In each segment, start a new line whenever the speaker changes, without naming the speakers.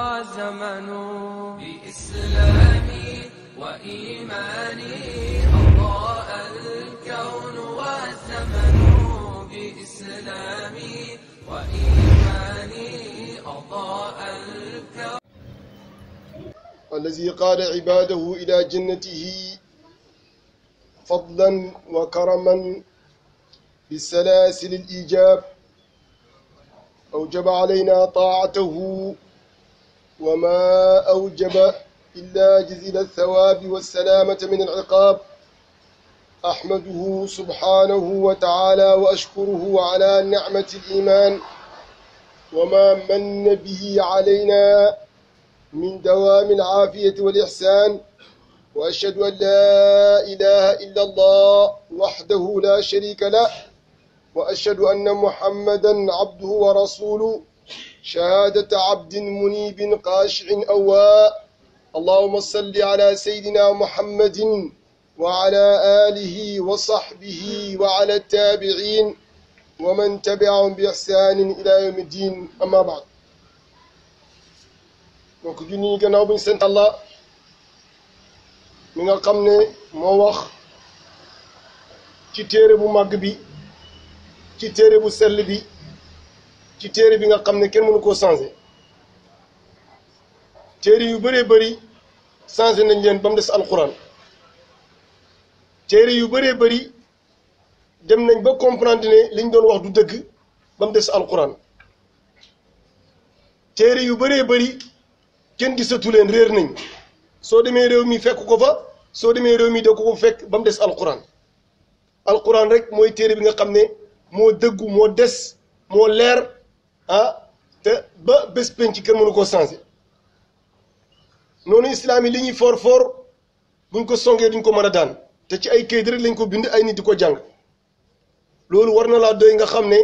طغى زمن بإسلامي وإيماني أضاء الكون والزمن بإسلامي وإيماني أضاء الكون الذي قاد عباده إلى جنته فضلا وكرما بسلاسل الإيجاب أوجب علينا طاعته وما أوجب إلا جزيل الثواب والسلامة من العقاب أحمده سبحانه وتعالى وأشكره على نعمة الإيمان وما من به علينا من دوام العافية والإحسان وأشهد أن لا إله إلا الله وحده لا شريك له وأشهد أن محمدا عبده ورسوله شهادة عبد منيب قاشع أواء اللهم صل على سيدنا محمد وعلى آله وصحبه وعلى التابعين ومن تبعهم بإحسان إلى يوم الدين أما بعد donc junni gannaaw bu ñu sant Allah mi nga xam ne moo wax ci téere bu màgg bi ci téere bu sell bi ci téere bi nga xam ne kenn mënu koo changé téere yu baree bari changé nañ leen ba des alxuraan téere yu bëree bëri dem nañ ba comprendre ne liñ doon wax du dëgg ba mu des alxuraan téere yu bëree bari kenn gisatu leen reer nañ soo demee réew mi fekk ko fa soo demee réew mi da ko fekk ba mu des alxuraan alxuraan rek mooy téere bi nga xam ne moo dëggu moo des moo leer ah te ba bés penc kenn mënu koo changé noonu islaam yi li ñuy foor foor buñ ko songee duñ ko mën a daan te ci ay kayit rek lañ ko bind ay nit di ko jàng loolu war na laa doy nga xam ne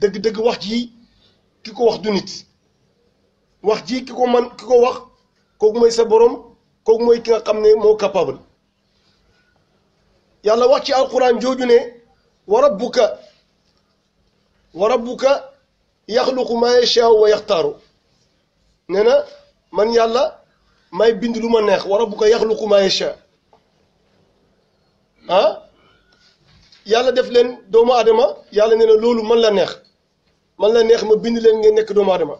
dëgg-dëgg wax ji ki ko wax du nit wax ji ki ko man ki ko wax kooku mooy sa borom kooku mooy ki nga xam ne moo capable yàlla wax ci alquran jooju ne wa rabbuka wa rabbuka yaxluqu maa yashaa wa yaxtaaru nee na man yàlla may bind lu ma neex wa rabbuka yaxluqu maa yashaa ah yàlla def leen doomu adama yàlla nee na loolu man la neex man la neex ma bind leen ngeen nekk doomu aadama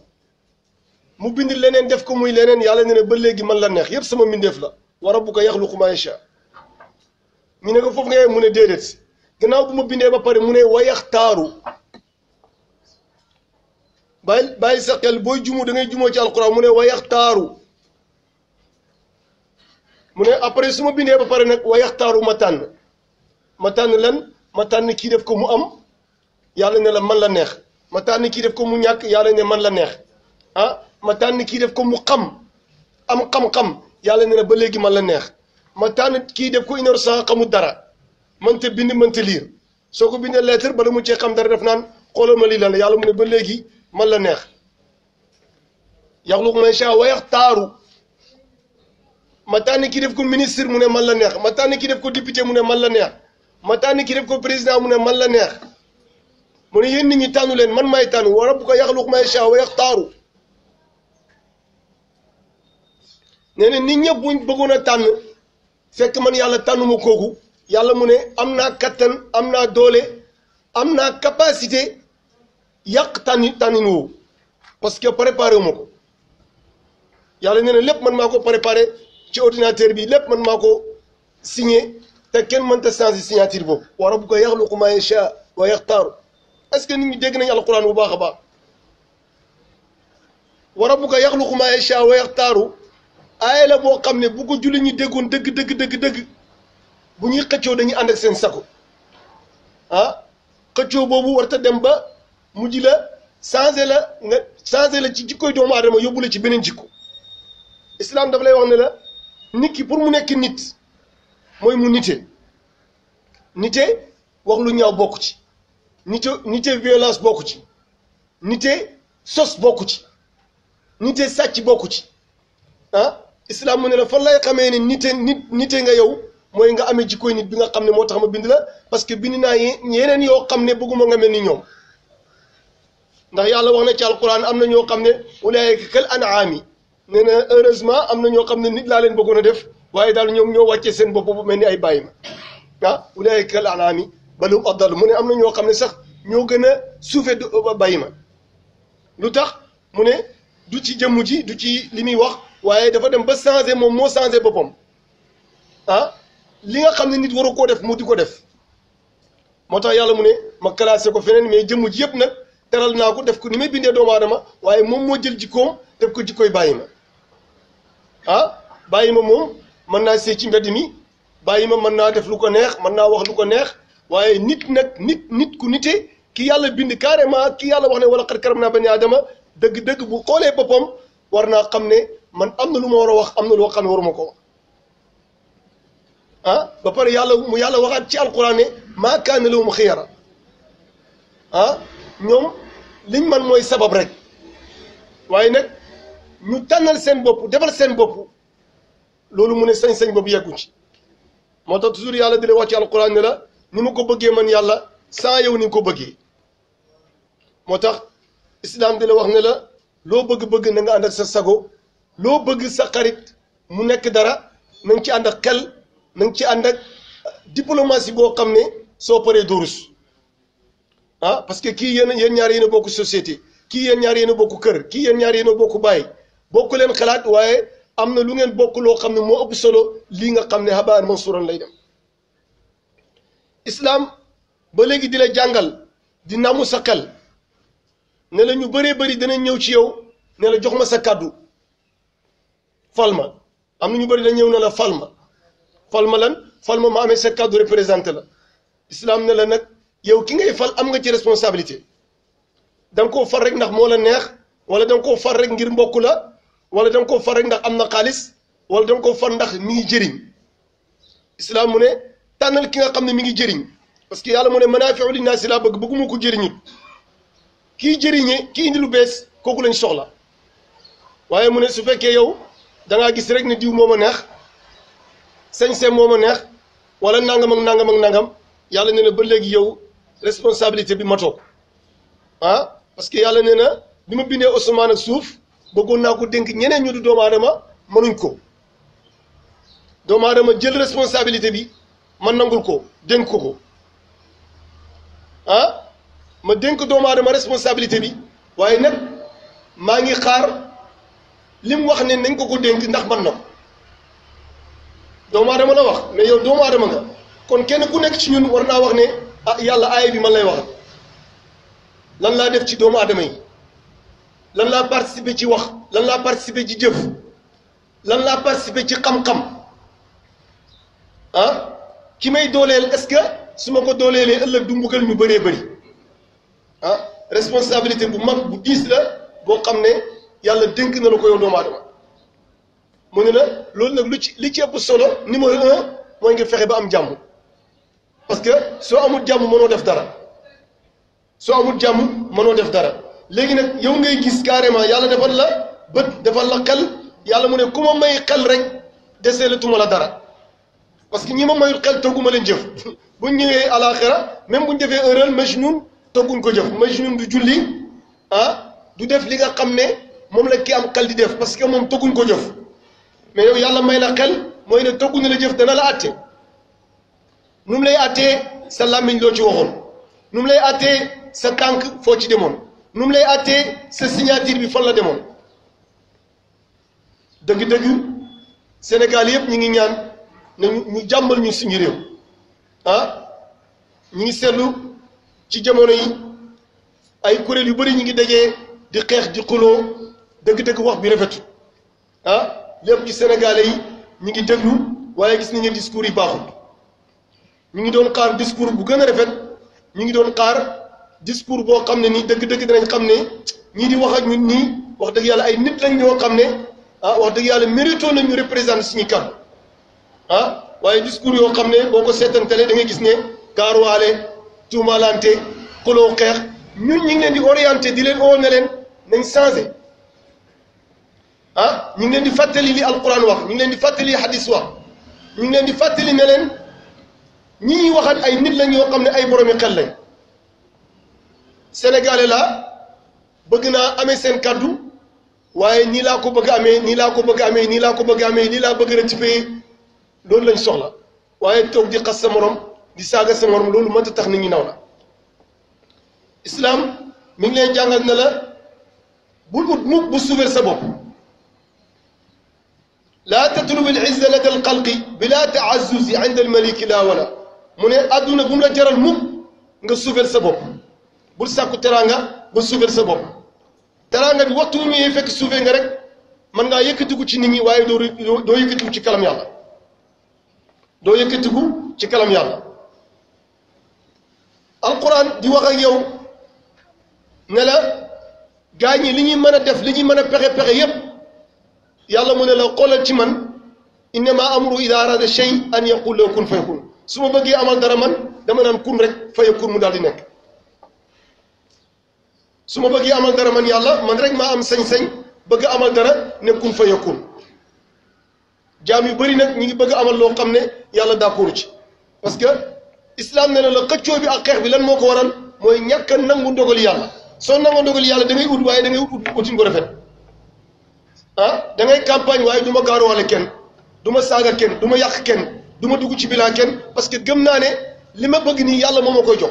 mu bind leneen def ko muy leneen yàlla nee ba léegi man la neex yépp sama mbindeef la wa rabbuka yaxluqu maa yashaa ñu ne ko foofu nga mu ne déedéet gannaaw bu ma bindee ba pare mu ne wa yaxtaaru bàyyi bay sa xel booy jumu da ngay jumoo ci alquran mu ne taaru mu ne après suma ma bindee ba pare nag taaru ma tànn ma tànn lan ma tànn kii def ko mu am yàlla ne la man la neex ma tànn kii def ko mu ñàkk yàlla ne man la neex ah ma tànn kii def ko mu xam am xam-xam yàlla ne la ba léegi man la neex ma tànn kii def ko innocent xamul dara man mënta bind mënta liir soo ko bindee lettre bala mu cee xam dara def naan xoolal ma lii lan la yàlla mu ne ba léegi man la neex yaxluq man sha wa taaru ma tànn ki def ko ministre mu ne man la neex ma tànn ki def ko député mu ne man la neex ma tànn ki ko président mu ne man la neex mu ne yéen nit ñi tànnu leen man may tànn wa rabbuka yaxluq man sha wa yaxtaaru nee na nit ñëpp buñ bëggoon a tànn fekk man yàlla tànnuma kooku yàlla mu ne am naa kattan am naa doole am naa capacité yàq tànni tànnin woowu parce que préparé wu ma ko yàlla nee na lépp man maa ko préparé ci ordinateur bi lépp man maa ko signé te kenn mënta changé signature boobu wa rabbuka yaxluqu maa yashaa wa yaxtaaru est-ce que nit ñi dégg nañu alquran bu baax a baax wa rabbuka yaxluqu maa yashaa wa yaxtaaru aaya la boo xam ne bu ko julli ñi déggoon dëgg dégg dégg dégg bu ñuy xëccoo dañuy ànd ak seen sako ah xëccoo boobu warta dem ba mu ji la changé la nga changé la ci jikkoy doomu aadama yóbbu la ci beneen jikko islam daf lay wax ne la nit ki pour mu nekk nit mooy mu nite nite wax lu ñaaw bokk ci nite nite violence bokk ci nite sos bokk ci nite sàcc bokk ci ah islam mu ne la fan lay xamee ne nite nit nite nga yow mooy nga amee jikkoy nit bi nga xam ne moo tax ma bind la parce que bind naa yeneen yoo xam ne bëgguma nga mel ni ñoom ndax yàlla wax na ci alquran am na ñoo xam ne ulaayika kal anaami nee na heureusement am na ñoo xam ne nit laa leen bëggoon a def waaye daal ñoom ñoo wàccee seen bopp bu mel ni ay bàyyi ma ah ulaayika kal anaami balu addal mu ne am na ñoo xam ne sax ñoo gën a suufe bàyyi ma lu tax mu ne du ci jëmm ji du ci li muy wax waaye dafa dem ba changé moom moo changé boppam ah li nga xam ne nit waru koo def mu di ko def moo tax yàlla mu ne ma classé ko feneen mais jëmm ji yëpp nag teral naa ko def ko ni may bindee doomu aadama waaye moom moo jël jikkoom def ko jikkooy bàyyi ma ah bàyyi ma moom mën naa sëy ci mbedd mi bàyyi ma mën naa def lu ko neex mën naa wax lu ko neex waaye nit nekk nit nit ku nite ki yàlla bind carrément ki yàlla wax ne wala xar karam naa bani aadama dëgg-dëgg bu xoolee boppam war naa xam ne man am na lu ma war a wax am na loo xam ne ma ko ah ba pare yàlla mu yàlla waxaat ci alquran ne maa kaana lahum xiyara ah ñoom liñ man mooy sabab rek waaye nag ñu tànnal seen bopp defal seen bopp loolu mu ne sañ-sañ boobu yeggu ci moo tax toujours yàlla di wax ci alquran ne la ni ma ko bëggee man yàlla sans yow ni ko bëggee moo tax islam di wax ne la loo bëgg-bëgg na nga ànd ak sa sago loo bëgg sa xarit mu nekk dara na nga ci ànd ak xel na nga ci ànd ak diplomatie boo xam ne soo paree doo ah parce que kii yéen yéen ñaar yéen a bokk kii yéen ñaar yéen bokku kër kii yéen ñaar yéen a bokk bokku leen xalaat waaye am na lu ngeen bokk loo xam ne moo ëpp solo lii nga xam ne xabaar mansuuran lay dem islaam ba léegi di jàngal di namu sa xel ne ñu bëree bëri danañ ñëw ci yow ne jox ma sa kàddu falma am na ñu bëri dañ ñëw ne la falma falma lan falma ma amee sa kàddu représenté la islaam ne la nag yow ki ngay fal am nga ci responsabilité da koo far rek ndax moo la neex wala da koo far rek ngir mbokk la wala da koo far rek ndax am na xaalis wala da nga koo far ndax mi ngi jëriñ islaam mu ne tànnal ki nga xam ne mi ngi jëriñ parce que yàlla mu ne manaafi'u linnaasi laa bëgg bëgguma ko jëriñut kii jëriñe kii indi lu bees kooku lañu soxla waaye mu ne su fekkee yow da gis rek ne diw moom a neex sañse moo ma neex wala nangam ak nangam yàlla ne ba léegi yow responsabilité bi matoo ah parce que yàlla nee na bi ma bindee osmaan ak suuf bëggoon naa ko dénk ñeneen ñu du doomu aadama mënuñ ko doomu aadama jël responsabilité bi ma nangul ko dénk ko ko ah, ma dénk doomu aadama responsabilité bi waaye nag maa ngi xaar li mu wax ne nañ ko ko dénk ndax man na ko doomu aadama la wax mais yow doomu aadama nga kon kenn ku nekk ci ñun war naa wax ne ah yàlla aaya bi man lay wax lan laa def ci doomu aadama yi lan laa participer ci wax lan laa participer ci jëf lan laa participer ci xam-xam ah ki may dooleel est-ce que su ma ko dooleelee ëllëg du mbugal ñu baree bëri ah responsabilité bu mag bu diis la boo xam ne yàlla dénk na la ko yow doomu aadama mu ne la loolu nag lu ci li ci ëpp solo numéro mooy nga fexe ba am jàmm. parce que soo amul jàmm mënoo def dara soo amul jàmm mënoo def dara léegi nag yow ngay gis carrément yàlla defal la bët defal la xel yàlla mu ne ku ma may xel rek desee la tuma la dara parce que ñii ma mayul xel togguma leen jëf buñ ñëwee alaxira même buñ defee erreur majnun togguñ ko jëf majnun du julli ah du def li nga xam ne moom la kii am xel di def parce que moom togguñ ko jëf mais yàlla may la xel mooy ne togguñu la jëf dana la àtte nu mu lay attee sa làmmiñ loo ci waxoon nu mu lay attee sa tànk foo ci demoon nu mu lay attee sa signature bi fan la demoon dëgg-dëgg Sénégal yëpp ñu ngi ñaan ne ñu jàmbal ñu suñu réew ah ñu ngi seetlu ci jamono yi ay kuréel yu bari ñu ngi dajee di xeex di xuloo dëgg-dëgg wax bi rafetu ah lépp ci sénégalais yi ñu ngi déglu waaye gis na nañu discours yi baaxul. ñu ngi doon xaar discours bu gën a rafet ñu ngi doon xaar discours boo xam ne nii dëgg-dëgg dinañ xam ne ñii di wax ak ñun nii wax dëgg yàlla ay nit lañ yoo xam ne ah wax dëgg yàlla mérito nañ ñu représent suñu kàddu ah waaye discours yoo xam ne boo ko seetantalee da ngay gis ne gaaruwaale tuumaalante xuloo xeex ñun ñu ngi leen di orienté di leen oo ne leen nañ changé ah ñu ngi leen di fàttali li alquran wax ñu ngi leen di fàttali hadis wax ñu ngi leen di fàttali ne leen. ñii waxat ay nit lañ yoo xam ne ay boromi xel lañ sénégalais la bëgg naa amee seen kàddu waaye nii laa ko bëgg amee nii laa ko bëgg amee nii laa ko bëgg amee nii laa bëgg rek ci pays loolu lañ soxla waaye toog di xas sa morom di saaga sa morom loolu mënta tax nit ñi naw la islam mi ngi leen jàngal na la bul ut bu suufeel sa bopp laa tatlubu al izza lada al bila taazuzi inda al maliki laa mu ne àdduna bu mu la jaral mukk nga suufeel sa bopp bul sàkku teraanga ba suufeel sa bopp teraanga bi waxtu mu ñëwee fekk suufee nga rek mën ngaa yëkkatiku ci nit ñi waaye doo doo yëkkatiku ci kalam yàlla doo yëkkatiku ci kalam yàlla alquran di wax ak yow ne la gaa ñi li ñuy mën a def li ñuy mën a pexe pexe yépp yàlla mu ne la xoolal ci man innama amru ida arada shay an yaqul lahu kun fayakun su ma bëggee amal dara man dama naan kun rek fay kun mu daal di nekk su ma bëggee amal dara man yàlla man rek ma am sañ-sañ bëgg amal dara ne kun fay kun jaam bari bëri nag ñu ngi bëgg amal loo xam ne yàlla d'accord ci parce que islam ne na la xëccoo bi ak xeex bi lan moo ko waral mooy ñàkk a nangu ndogal yàlla soo nangoo ndogal yàlla da ut waaye da ngay ut utin ko rafet ah da ngay campagne waaye du ma gaaruwaale kenn du saaga kenn du ma yàq kenn du ma dugg ci bila ken parce que gëm naa ne li ma bëgg nii yàlla moo ma koy jox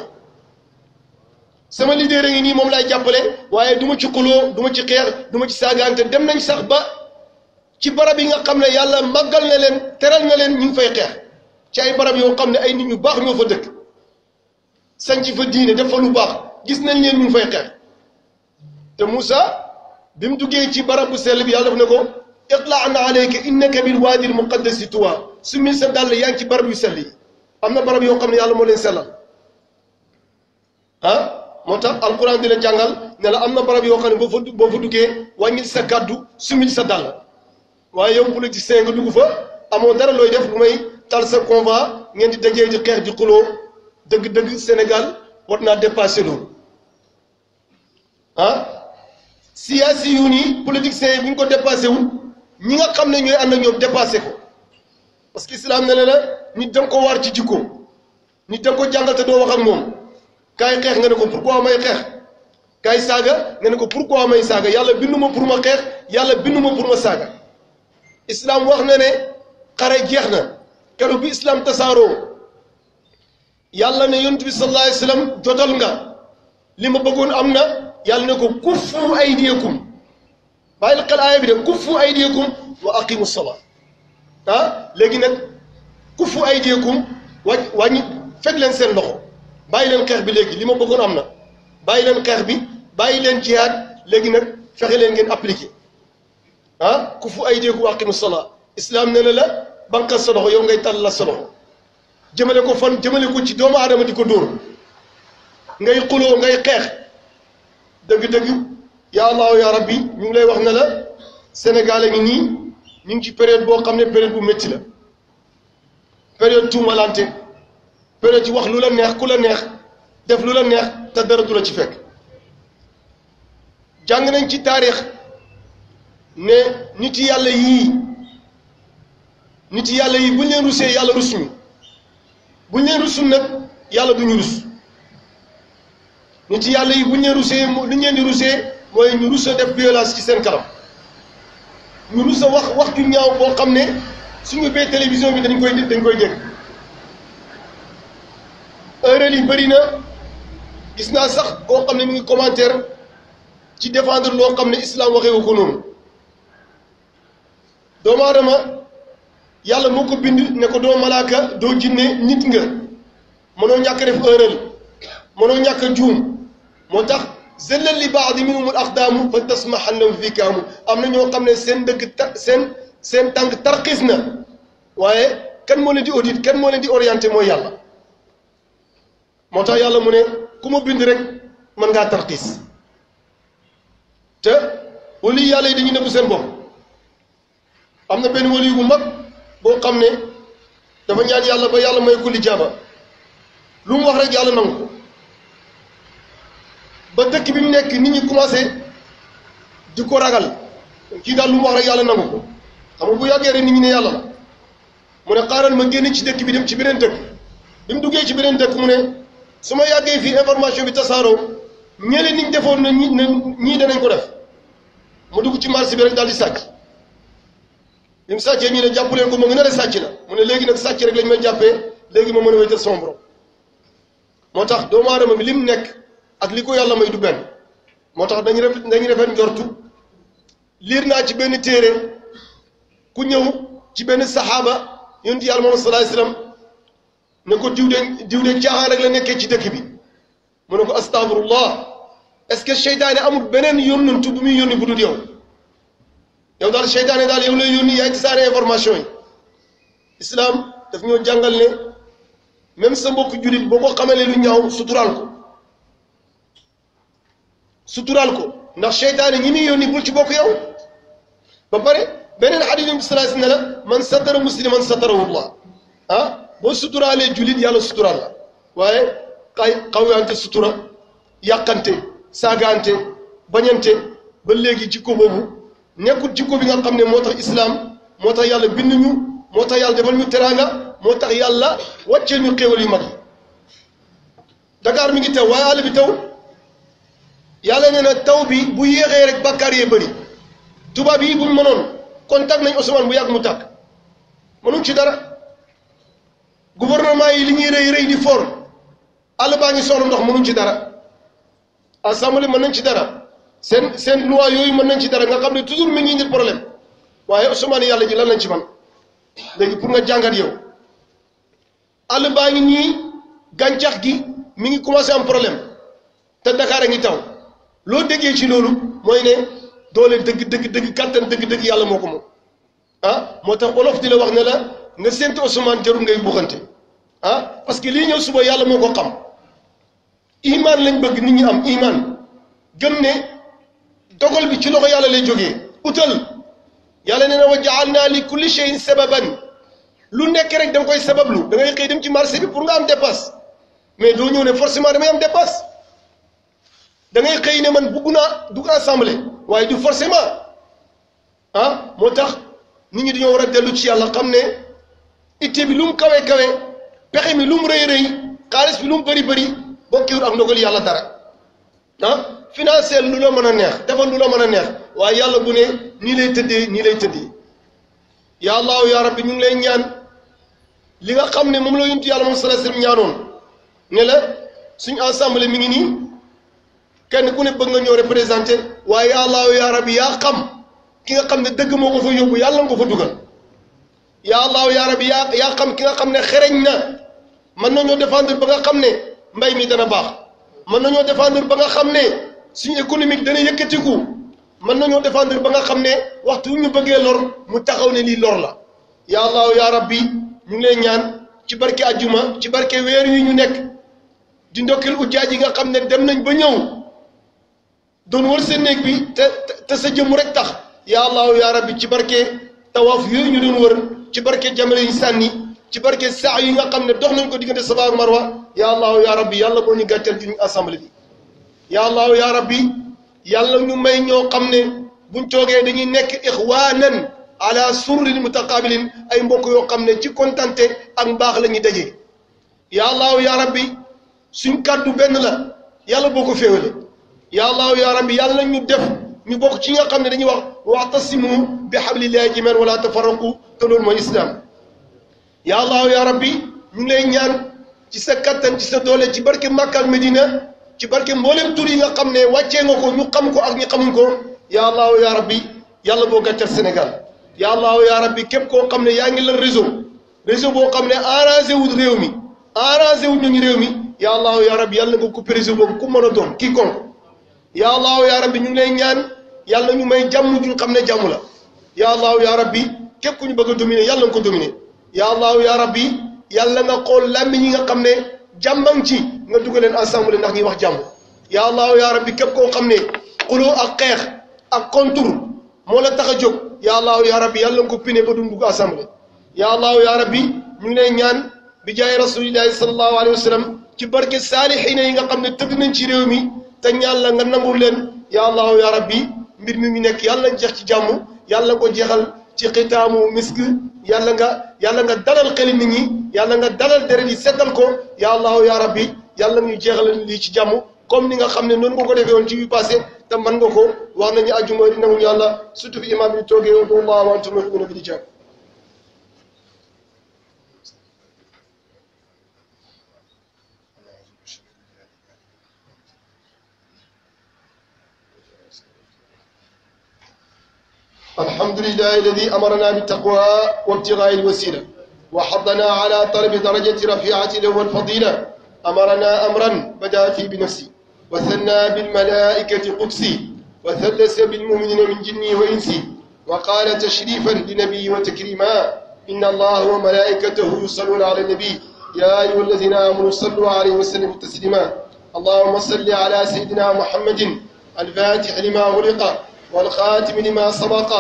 sama leader a ngi nii moom laay jàppale waaye duma ci xuloo du ci xeex du ci saagaante dem nañ sax ba ci barab yi nga xam ne yàlla màggal na leen teral na leen ñu ngi fay xeex ci ay barab yoo xam ne ay nit ñu baax ñoo fa dëkk sanc fa diine def fa lu baax gis nañ leen ñu fay xeex te Moussa bi mu ci barab bu sell bi yàlla def ne ko itlaa na aleyka innaka bil waadi al muqaddasi tuwa summi sa dàll yaa ngi ci barab yu sell yi am na barab yoo xam ne yàlla moo leen sellal ah moo tax alquran di la jàngal ne la am na barab yoo xam ne boo fa boo fa duggee wàññil sa kàddu summi sa dàll waaye yow ku la gisee nga dugg fa amoon dara looy def lu may tal sa combat ngeen di dajee di xeex di xuloo dëgg-dëgg Sénégal war naa dépassé loolu ah siyaasi yu nii politiciens yi bu ñu ko dépassé wul ñi nga xam ne ñooy ànd ak ñoom dépassé ko. parce que islam ne la nit da nga ko waar ci jikkoom nit da nga ko jàngal te doo wax ak kaay xeex nga ne ko pourquoi may xeex kaay saaga nga ne ko am may saaga yàlla bindu ma pour ma xeex yàlla bindu ma pour ma saaga islam wax na ne xare jeex na keroog bi islam tasaaroo ne yonent bi sallallahu alayhi nga li ma bëggoon am na yàlla ne ko kuffu aydiyakum bàyyil xel aaya bi de kuffu aydiyakum wa aqimu salaa Ah léegi nag kufu ay jéekum wàñ wàññi fekk leen seen loxo bàyyi leen xeex bi léegi li ma bëggoon am na bàyyi leen xeex bi bàyyi leen jihaad léegi nag fexe leen ngeen appliqué kufu ah ku fu ay jéeku aqimu salaa islam nee na la banqal sa loxo yow ngay tàllal sa loxo jëmale ko fan jëmale ko ci doomu aadama di ko dóor ngay xuloo ngay xeex dëgg-dëgg yaa allahu ya rabbi ñu ngi lay wax ne la ngi nii ñu ngi ci période boo xam ne période bu métti la période tuumalante période ci wax lu la neex ku la neex def lu la neex te dara du ci fekk jàng nañ ci taarix ne nit yàlla yii nit yàlla yii bu leen rusee yàlla rus ñu buñ nag yàlla duñu rus nit yàlla yi bu leen rusee lu ñu leen di rusee mooy nu rus a def violence ci seen kanam ñu rus a wax wax ju ñaaw boo xam ne suñu bee télévision bi dañ koy dañ koy dégg erreur yi bëri na gis naa sax koo xam ne mu ngi commentaire ci défendre loo xam ne islam waxewu ko noonu doomu aadama yàlla moo ko bind ne ko doo malaaka doo jinne nit nga mënoo ñàkk def erreur mënoo ñàkk a juum moo tax zëllal li baax di minumul axdaamu fa tasmaxannam fii kaamu am na ñoo xam ne seen dëkk ta seen seen tànk tarxiis na waaye kan moo ne di audit moo leen di orienté mooy yàlla moo tax yàlla mu ne ku ma bind rek mën ngaa tarxiis te wali yàlla yi dañuy nëbbu seen bopp am na benn wali bu mag boo xam ne dafa ñaan yàlla ba yàlla may kulli jaaba lu mu wax rek yàlla nangu ba dëkk bi mu nekk ni ñi commencé di ko ragal kii daal lu mu wax rek yàlla nangu ko xam nga bu yàggee rek nit ñi ne yàlla mu ne xaaral ma génn ci dëkk bi dem ci beneen dëkk bi mu duggee ci beneen dëkk mu ne su ma yàggee fii information bi tasaaroo ñeneen niñ defoon ne ñi ne ñii danañ ko def mu dugg ci marché bi daal di sàcc bi mu sàccee ñu ne jàpp leen ko mu ngi ne sàcc la mu ne léegi nag sàcc rek lañ may jàppee léegi ma mën a wéytal moo tax doomu aadama bi lim nekk. ak li ko yàlla may du benn moo tax dañu def dañu defeen njortu liir naa ci benn téere ku ñëw ci benn saxaaba yonent yàlla moom salaay salaam ne ko diw de diw de caaxaan rek la nekkee ci dëkk bi mu ne ko astafurullah est ce que seytaane amul beneen yónnantu bu yoon yónni bu dul yow yow daal seytaane daal yow lay yónni yaay ci saare information yi daf ñoo jàngal ne même sa mbokk jullit boo ko xamalee lu ñaaw suturaal ko suturaal ko ndax seytaane ñi muy yónni bul ci bokk yow ba pare beneen xadis bi salaay si ne la man satara musliman satarahu llah ah boo suturaalee jullit yàlla suturaal la waaye xay xawyaante sutura yàqante saagaante bañante ba léegi jikko boobu nekkul jikko bi nga xam ne moo tax islaam moo tax yàlla bind ñu moo tax yàlla defal ñu teraanga moo tax yàlla wàcceel ñu xéewal yu mag yi mi ngi taw waaye àll bi taw yàlla nee na taw bi bu yéexee rek bàkkaar yee bëri tubaab yi buñ mënoon kon tàgg nañ Ousmane bu yàgg mu tàgg mënuñ ci dara gouvernement yi li ñuy rey rëy di for àll baa ngi soxla ndox mënuñ ci dara assemblée mën nañ ci dara seen seen loi yooyu mën nañ ci dara nga xam ne toujours mi ngi nit problème waaye Ousmane yàlla ji lan lañ ci man léegi pour nga jàngat yow àll baa ngi nii gàncax gi mi ngi commencé am problème te Dakar a ngi taw loo déggee ci loolu mooy ne doole dëgg dëgg dëgg kàttan dëgg dëgg yàlla moo ko moom ah moo tax olof di la wax ne la nga séntu Ousmane jarul ngay buxante ah parce que lii ñëw suba yàlla moo ko xam imaan lañ bëgg nit ñi am imaan gëm ne dogal bi ci loxo yàlla lay jógee utal yàlla nee na wa jaal naa li kulli shay'in sababan lu nekk rek da nga koy sabablu da ngay xëy dem ci marché bi pour nga am dépasse mais doo ñëw ne forcément damay am dépasse da kay xëy ne man bugg naa dugg assemblée waaye du forcément ah moo tax nit ngi dañoo war a dellu ci yàlla xam ne itte bi lum mu kawe pexe mi lu mu rëy rëy xaalis bi bari bari bëri bëri bokkiwul ak ndogal yàlla dara ah financier lu la mën a neex defal lu la mën a neex waaye yàlla bu ne nii lay tëddee nii lay tëddee ya allahu ya rabbi ñu ngi lay ñaan li nga xam ne moom la yuntu yàlla moom sallallahu alayhi wasallam ñaanoon ne suñ suñu assemblée mi ngi nii. kenn ku ne bëgg nga ñëw représenté waaye allahu ya rabbi yaa xam ki nga xam ne dëgg moo ko fa yóbbu yàlla nga ko fa dugal yaa allahu ya rabbi yaa yaa xam ki nga xam ne xereñ na mën nañoo défendre ba nga xam ne mbay mi dana baax mën nañoo défendre ba nga xam ne suñu économique dana yëkkatiku mën nañoo défendre ba nga xam ne waxtu ñu bëggee lor mu taxaw ne lii lor la yaa allahu ya rabbi ñu ne ñaan ci barke ajjuma ci barke weer yi ñu nekk di ndokkil ujjaaj yi nga xam ne dem nañ ba ñëw doon wër sa néeg bi te te sa jëmm rek tax yaa allahu yaa rabbi ci barke tawaaf yooyu ñu doon ci barke jamre yi sànni ci barke saa yi nga xam ne dox nañ ko diggante Safa ak Marwa yaa allahu yaa rabbi yàlla boo ñu gàcceel ci assemblée bi yaa allahu yaa rabbi yàlla ñu may ñoo xam ne buñ toogee dañuy nekk ixwaanan ala surrin mutaqabilin ay mbokk yoo xam ne ci kontante ak mbaax la ñuy daje yaa allahu yaa rabbi suñ kàddu benn la yàlla boo ko féewale yaa allahu ya rabbi yàlla ñu def ñu bokk ci nga xam ne dañuy wax waxtasimu bi hablillahi jamii'an wala tafarraqu te loolu moo islam ya allahu ya rabbi ñu ngi lay ñaan ci sa kattan ci sa doole ci barke Makka ak Medina ci barke mboolem tur yi nga xam ne wàccee nga ko ñu xam ko ak ñu xamuñ ko ya allahu ya rabbi yàlla boo gàccal Sénégal ya allahu ya rabbi képp koo xam ne yaa ngi la réseau réseau boo xam ne arrangé wul réew mi arrangé wul ñu réew mi ya allahu ya rabbi yàlla nga ko coupé réseau boobu ku kii kon ya allahu ya rabbi ñu ngi lay ñaan yàlla ñu may jàmm ju xam ne jàmm la ya allahu ya rabbi képp ku ñu bëgg a dominer yàlla nga ko dominer ya allahu ya rabbi yàlla nga xool làmmiñ yi nga xam ne jàmmam ci nga dugaleen ensemble ndax ñuy wax jàmm ya allahu ya rabbi képp koo xam ne xuloo ak xeex ak contour moo la tax a jóg ya allahu ya rabbi yàlla nga ko pine ba du dugg assemblée ya allahu ya rabbi ñu ngi lay ñaan bi jaay rasulillahi sallallahu alayhi wa sallam ci barke saalihiina yi nga xam ne tëdd nañ ci réew mi te ñaan nga nangul leen ya allahu ya rabbi mbir mi ñu nekk yàlla na jeex ci jàmm yàlla nga ko jeexal ci xitaamu misk yàlla nga yàlla nga dalal xeli nit ñi yàlla nga dalal deret yi seddal ko ya allahu ya rabbi yàlla ñu jeexal lii ci jàmm comme ni nga xam ne noonu nga ko defee woon ci yu passé te man nga ko wax nañu àjjuma di nanguñu yàlla surtout fi imaam toogee woon wallahu antum mu'minu bi الحمد لله الذي أمرنا بالتقوى وابتغاء الوسيلة وحضنا على طلب درجة رفيعة له الفضيلة أمرنا أمرا بدأ في بنفسي وثنى بالملائكة قدسي وثلث بالمؤمنين من جني وإنسي وقال تشريفا لنبي وتكريما إن الله وملائكته يصلون على النبي يا أيها الذين آمنوا صلوا عليه وسلموا تسليما اللهم صل على سيدنا محمد الفاتح لما غلق والخاتم لما سبق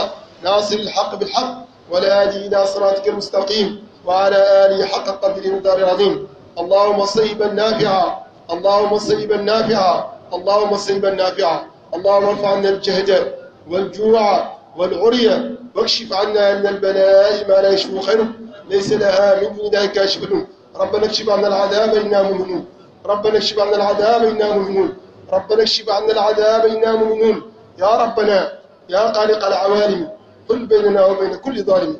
ناصر الحق بالحق والهادي إلى صراطك المستقيم وعلى آله حق قدر مقدار العظيم اللهم صيبا نافعا اللهم صيبا نافعا اللهم صيبا نافعا اللهم ارفع عنا الجهد والجوع والعري واكشف عنا من البلاء ما لا يشفو خيره ليس لها من دون ذلك كاشف ربنا اكشف عنا العذاب إنا مؤمنون ربنا اكشف عنا العذاب إنا مؤمنون ربنا اكشف عنا العذاب إنا مؤمنون يا ربنا يا خالق العوالم قل بيننا وبين كل ظالم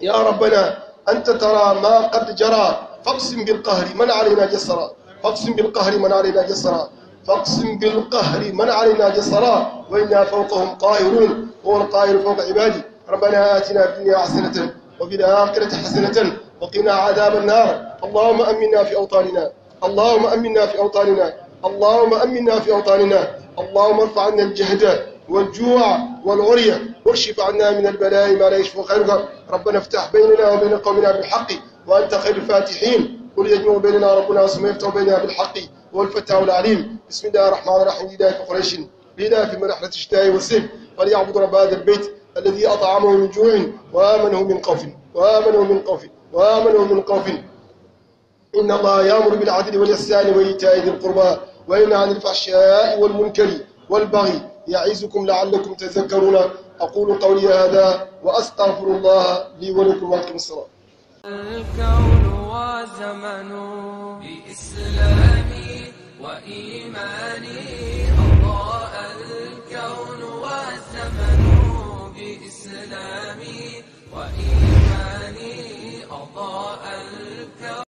يا ربنا أنت ترى ما قد جرى فاقسم بالقهر من علينا جسرا فاقسم بالقهر من علينا جسرا فاقسم بالقهر من علينا جسرا وإنا فوقهم قاهرون هو القاهر فوق عبادي ربنا آتنا في الدنيا حسنة وفي الآخرة حسنة وقنا عذاب النار اللهم أمنا في أوطاننا اللهم أمنا في أوطاننا اللهم أمنا في أوطاننا اللهم ارفع عنا الجهد والجوع والعري واكشف عنا من البلاء ما لا يشفو خيرك ربنا افتح بيننا وبين قومنا بالحق وأنت خير الفاتحين قل يجمع بيننا ربنا ثم يفتح بيننا بالحق والفتح العليم بسم الله الرحمن الرحيم إله قريش بنا في مرحلة الشتاء والصيف فليعبد رب هذا البيت الذي أطعمه من جوع وآمنه من خوف وآمنه من خوف وآمنه من خوف إن الله يأمر بالعدل والإحسان وإيتاء ذي القربى وينهى عن الفحشاء والمنكر والبغي يعظكم لعلكم تذكرون أقول قولي هذا وأستغفر الله لي ولكم وعليكم السلام الكون وزمن بإسلامي وإيماني أضاء الكون والزمن بإسلامي وإيماني أضاء الكون